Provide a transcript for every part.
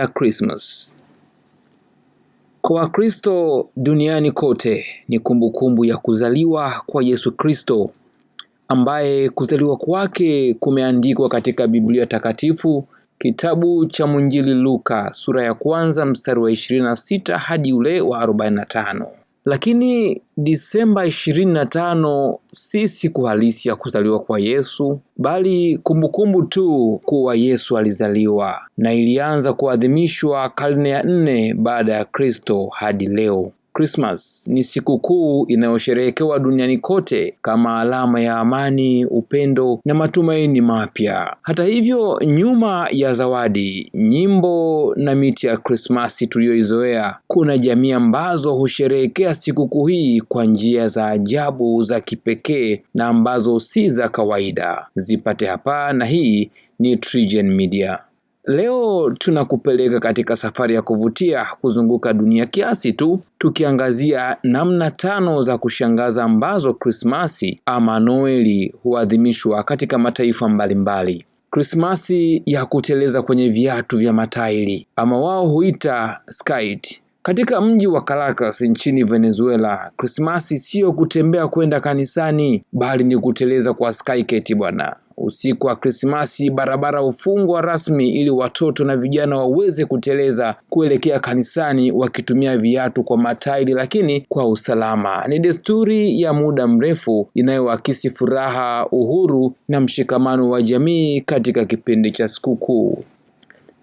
ya Christmas. Kwa Wakristo duniani kote ni kumbukumbu kumbu ya kuzaliwa kwa Yesu Kristo ambaye kuzaliwa kwake kumeandikwa katika Biblia Takatifu, kitabu cha mwinjili Luka sura ya kwanza mstari wa 26 hadi ule wa 45. Lakini Disemba ishirini na tano si siku halisi ya kuzaliwa kwa Yesu, bali kumbukumbu tu kuwa Yesu alizaliwa na ilianza kuadhimishwa karne ya nne baada ya Kristo hadi leo. Christmas ni sikukuu inayosherehekewa duniani kote kama alama ya amani, upendo na matumaini mapya. Hata hivyo, nyuma ya zawadi, nyimbo na miti ya Krismasi tuliyoizoea, kuna jamii ambazo husherehekea sikukuu hii kwa njia za ajabu za kipekee na ambazo si za kawaida. Zipate hapa na hii ni TriGen Media. Leo tunakupeleka katika safari ya kuvutia kuzunguka dunia kiasi tu, tukiangazia namna tano za kushangaza ambazo Krismasi ama Noeli huadhimishwa katika mataifa mbalimbali. Krismasi ya kuteleza kwenye viatu vya matairi ama wao huita skate. Katika mji wa Caracas nchini Venezuela, Krismasi siyo kutembea kwenda kanisani, bali ni kuteleza kwa skate bwana. Usiku wa Krismasi barabara hufungwa rasmi ili watoto na vijana waweze kuteleza kuelekea kanisani wakitumia viatu kwa matairi, lakini kwa usalama. Ni desturi ya muda mrefu inayoakisi furaha, uhuru na mshikamano wa jamii katika kipindi cha sikukuu.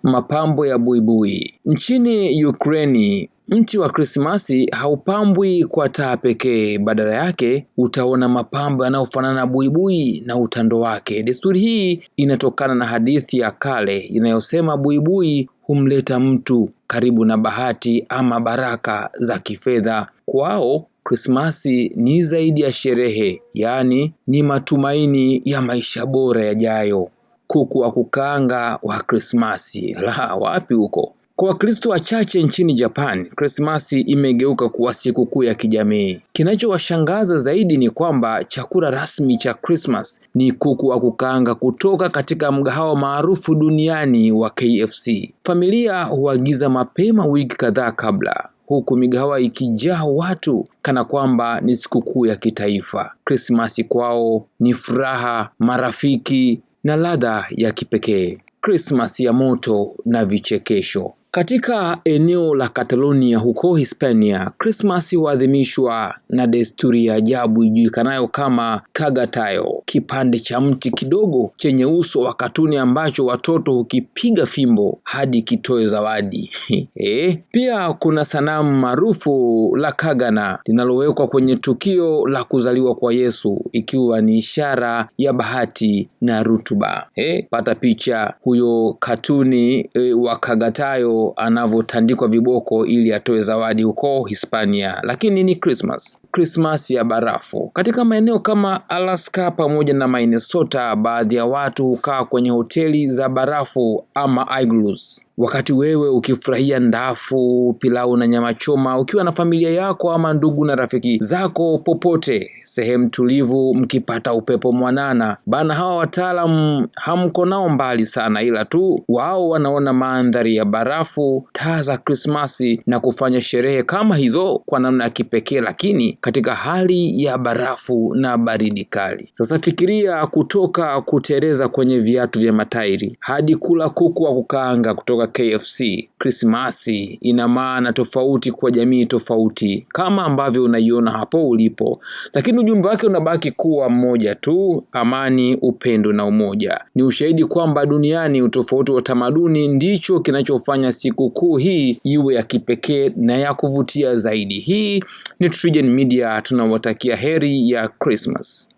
Mapambo ya buibui nchini Ukraini, Mti wa Krismasi haupambwi kwa taa pekee, badala yake utaona mapambo yanayofanana na buibui na utando wake. Desturi hii inatokana na hadithi ya kale inayosema buibui humleta mtu karibu na bahati ama baraka za kifedha. Kwao Krismasi ni zaidi ya sherehe, yaani ni matumaini ya maisha bora yajayo. Kuku wa kukaanga wa Krismasi la wapi huko? Kwa Wakristo wachache nchini Japan, Krismasi imegeuka kuwa sikukuu ya kijamii. Kinachowashangaza zaidi ni kwamba chakula rasmi cha Krismas ni kuku wa kukaanga kutoka katika mgahawa maarufu duniani wa KFC. Familia huagiza mapema wiki kadhaa kabla huku migahawa ikijaa watu kana kwamba ni sikukuu ya kitaifa. Krismasi kwao ni furaha, marafiki na ladha ya kipekee. Krismasi ya moto na vichekesho. Katika eneo la Catalonia huko Hispania, Krismasi huadhimishwa na desturi ya ajabu ijulikanayo kama cagatayo, kipande cha mti kidogo chenye uso wa katuni ambacho watoto hukipiga fimbo hadi kitoe zawadi. E, pia kuna sanamu maarufu la Kagana linalowekwa kwenye tukio la kuzaliwa kwa Yesu ikiwa ni ishara ya bahati na rutuba. Eh, pata picha huyo katuni e, wa kagatayo anavyotandikwa viboko ili atoe zawadi huko Hispania, lakini ni Christmas. Krismasi ya barafu. Katika maeneo kama Alaska pamoja na Minnesota, baadhi ya watu hukaa kwenye hoteli za barafu ama igloos. Wakati wewe ukifurahia ndafu, pilau na nyama choma ukiwa na familia yako ama ndugu na rafiki zako popote, sehemu tulivu, mkipata upepo mwanana bana. Hawa wataalam hamko nao mbali sana, ila tu wao wanaona mandhari ya barafu, taa za Krismasi na kufanya sherehe kama hizo kwa namna ya kipekee, lakini katika hali ya barafu na baridi kali. Sasa fikiria kutoka kutereza kwenye viatu vya matairi hadi kula kuku wa kukaanga kutoka KFC. Krismasi ina maana tofauti kwa jamii tofauti kama ambavyo unaiona hapo ulipo, lakini ujumbe wake unabaki kuwa mmoja tu: amani, upendo na umoja. Ni ushahidi kwamba duniani utofauti wa tamaduni ndicho kinachofanya sikukuu hii iwe ya kipekee na ya kuvutia zaidi. Hii ni TriGen Media. Media tunawatakia heri ya Krismas.